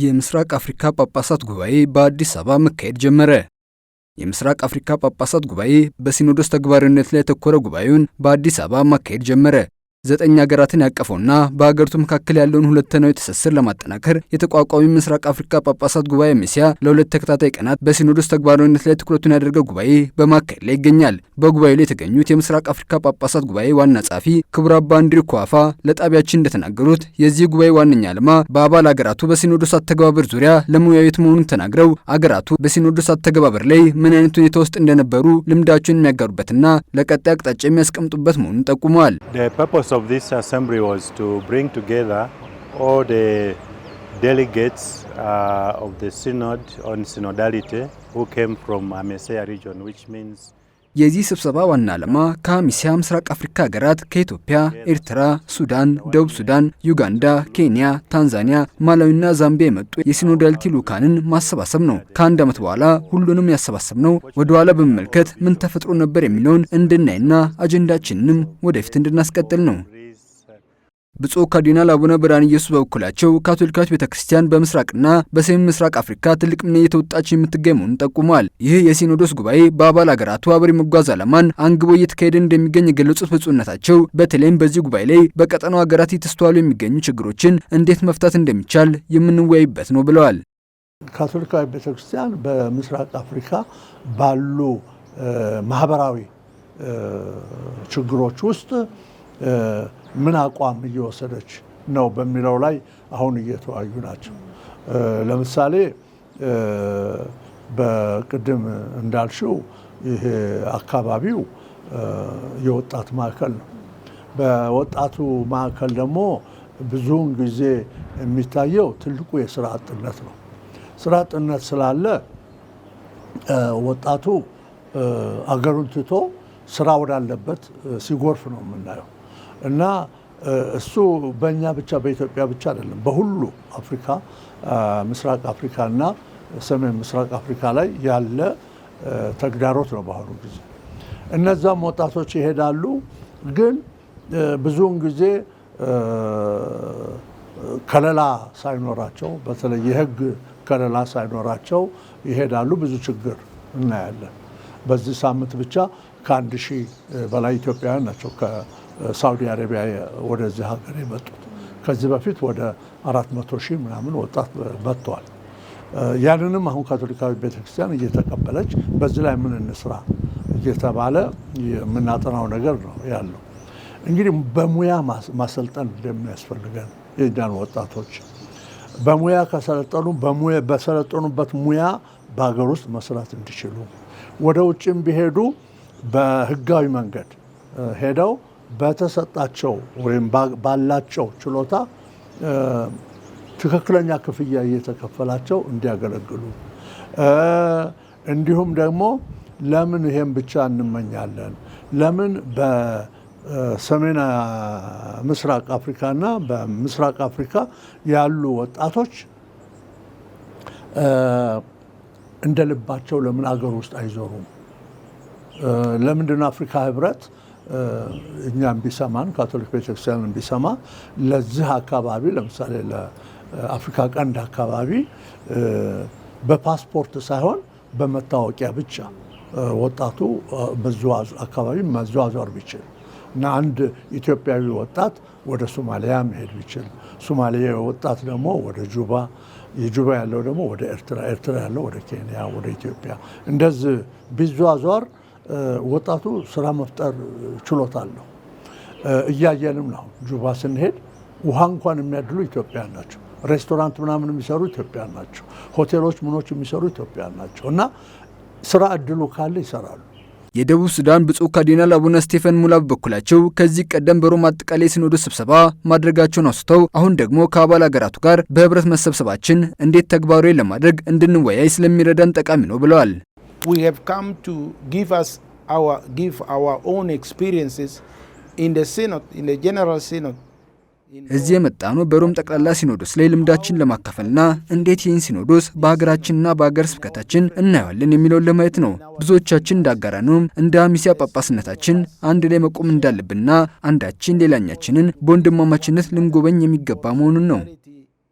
የምስራቅ አፍሪካ ጳጳሳት ጉባኤ በአዲስ አበባ መካሄድ ጀመረ። የምስራቅ አፍሪካ ጳጳሳት ጉባኤ በሲኖዶስ ተግባራዊነት ላይ ያተኮረ ጉባኤውን በአዲስ አበባ ማካሄድ ጀመረ። ዘጠኝ ሀገራትን ያቀፈውና በሀገሪቱ መካከል ያለውን ሁለንተናዊ ትስስር ለማጠናከር የተቋቋሚ ምስራቅ አፍሪካ ጳጳሳት ጉባኤ ሚሲያ ለሁለት ተከታታይ ቀናት በሲኖዶስ ተግባራዊነት ላይ ትኩረቱን ያደረገው ጉባኤ በማካሄድ ላይ ይገኛል። በጉባኤው ላይ የተገኙት የምስራቅ አፍሪካ ጳጳሳት ጉባኤ ዋና ጸሐፊ ክቡር አባ አንድሪ ኳፋ ለጣቢያችን እንደተናገሩት የዚህ ጉባኤ ዋነኛ ዓላማ በአባል ሀገራቱ በሲኖዶስ አተገባበር ዙሪያ ለመወያየት መሆኑን ተናግረው አገራቱ በሲኖዶስ አተገባበር ላይ ምን አይነት ሁኔታ ውስጥ እንደነበሩ ልምዳቸውን የሚያጋሩበትና ለቀጣይ አቅጣጫ የሚያስቀምጡበት መሆኑን ጠቁመዋል። purpose of this assembly was to bring together all the delegates uh, of the synod on synodality who came from Amesea region, which means የዚህ ስብሰባ ዋና ዓላማ ከአሚሲያ ምስራቅ አፍሪካ ሀገራት ከኢትዮጵያ፣ ኤርትራ፣ ሱዳን፣ ደቡብ ሱዳን፣ ዩጋንዳ፣ ኬንያ፣ ታንዛኒያ፣ ማላዊና ዛምቢያ የመጡ የሲኖዳልቲ ልኡካንን ማሰባሰብ ነው። ከአንድ ዓመት በኋላ ሁሉንም ያሰባሰብ ነው ወደ ኋላ በመመልከት ምን ተፈጥሮ ነበር የሚለውን እንድናይና አጀንዳችንንም ወደፊት እንድናስቀጥል ነው። ብፁዕ ካርዲናል አቡነ ብርሃነ ኢየሱስ በበኩላቸው ካቶሊካዊት ቤተ ክርስቲያን በምስራቅና በሰሜን ምስራቅ አፍሪካ ትልቅ ሚና እየተወጣች የምትገኝ መሆኑን ጠቁመዋል። ይህ የሲኖዶስ ጉባኤ በአባል ሀገራቱ አብሮ የመጓዝ ዓላማን አንግቦ እየተካሄደ እንደሚገኝ የገለጹት ብፁዕነታቸው በተለይም በዚህ ጉባኤ ላይ በቀጠናው ሀገራት የተስተዋሉ የሚገኙ ችግሮችን እንዴት መፍታት እንደሚቻል የምንወያይበት ነው ብለዋል። ካቶሊካዊ ቤተ ክርስቲያን በምስራቅ አፍሪካ ባሉ ማህበራዊ ችግሮች ውስጥ ምን አቋም እየወሰደች ነው በሚለው ላይ አሁን እየተወያዩ ናቸው። ለምሳሌ በቅድም እንዳልሽው ይሄ አካባቢው የወጣት ማዕከል ነው። በወጣቱ ማዕከል ደግሞ ብዙውን ጊዜ የሚታየው ትልቁ የስራ አጥነት ነው። ስራ አጥነት ስላለ ወጣቱ አገሩን ትቶ ስራ ወዳለበት ሲጎርፍ ነው የምናየው። እና እሱ በእኛ ብቻ በኢትዮጵያ ብቻ አይደለም፣ በሁሉ አፍሪካ፣ ምስራቅ አፍሪካ እና ሰሜን ምስራቅ አፍሪካ ላይ ያለ ተግዳሮት ነው በአሁኑ ጊዜ። እነዛም ወጣቶች ይሄዳሉ፣ ግን ብዙውን ጊዜ ከለላ ሳይኖራቸው በተለይ የህግ ከለላ ሳይኖራቸው ይሄዳሉ። ብዙ ችግር እናያለን። በዚህ ሳምንት ብቻ ከአንድ ሺህ በላይ ኢትዮጵያውያን ናቸው ሳውዲ አረቢያ ወደዚህ ሀገር የመጡት። ከዚህ በፊት ወደ አራት መቶ ሺህ ምናምን ወጣት መጥተዋል። ያንንም አሁን ካቶሊካዊ ቤተክርስቲያን እየተቀበለች በዚህ ላይ ምን እንስራ እየተባለ የምናጠናው ነገር ነው ያለው። እንግዲህ በሙያ ማሰልጠን እንደሚያስፈልገን የእኛን ወጣቶች በሙያ ከሰለጠኑ በሰለጠኑበት ሙያ በሀገር ውስጥ መስራት እንዲችሉ፣ ወደ ውጭም ቢሄዱ በህጋዊ መንገድ ሄደው በተሰጣቸው ወይም ባላቸው ችሎታ ትክክለኛ ክፍያ እየተከፈላቸው እንዲያገለግሉ እንዲሁም ደግሞ ለምን ይሄን ብቻ እንመኛለን? ለምን በሰሜን ምስራቅ አፍሪካና በምስራቅ አፍሪካ ያሉ ወጣቶች እንደ ልባቸው ለምን አገር ውስጥ አይዞሩም? ለምንድን አፍሪካ ህብረት እኛም ቢሰማን ካቶሊክ ቤተክርስቲያን ቢሰማ ለዚህ አካባቢ ለምሳሌ ለአፍሪካ ቀንድ አካባቢ በፓስፖርት ሳይሆን በመታወቂያ ብቻ ወጣቱ አካባቢ መዘዋዘር ቢችል እና አንድ ኢትዮጵያዊ ወጣት ወደ ሶማሊያ መሄድ ቢችል፣ ሶማሊያ ወጣት ደግሞ ወደ ጁባ፣ የጁባ ያለው ደግሞ ወደ ኤርትራ፣ ኤርትራ ያለው ወደ ኬንያ፣ ወደ ኢትዮጵያ እንደዚህ ቢዘዋዘር ወጣቱ ስራ መፍጠር ችሎታ አለው። እያየንም ነው። ጁባ ስንሄድ ውሃ እንኳን የሚያድሉ ኢትዮጵያን ናቸው። ሬስቶራንት ምናምን የሚሰሩ ኢትዮጵያን ናቸው። ሆቴሎች ምኖች የሚሰሩ ኢትዮጵያን ናቸው እና ስራ እድሉ ካለ ይሰራሉ። የደቡብ ሱዳን ብፁዕ ካርዲናል አቡነ ስቴፈን ሙላ በበኩላቸው ከዚህ ቀደም በሮም አጠቃላይ ሲኖዶስ ስብሰባ ማድረጋቸውን አውስተው አሁን ደግሞ ከአባል ሀገራቱ ጋር በህብረት መሰብሰባችን እንዴት ተግባራዊ ለማድረግ እንድንወያይ ስለሚረዳን ጠቃሚ ነው ብለዋል። we have come to give us our give our own experiences in the synod in the general synod እዚህ ነው በሮም ጠቅላላ ሲኖዶስ ላይ ልምዳችን ለማካፈልና እንዴት ይህን ሲኖዶስ በሀገራችንና በሀገር ስብከታችን እናየዋለን የሚለውን ለማየት ነው። ብዙዎቻችን እንዳጋራነውም እንደ አሚሲያ ጳጳስነታችን አንድ ላይ መቆም እንዳለብንና አንዳችን ሌላኛችንን በወንድማማችነት ልንጎበኝ የሚገባ መሆኑን ነው።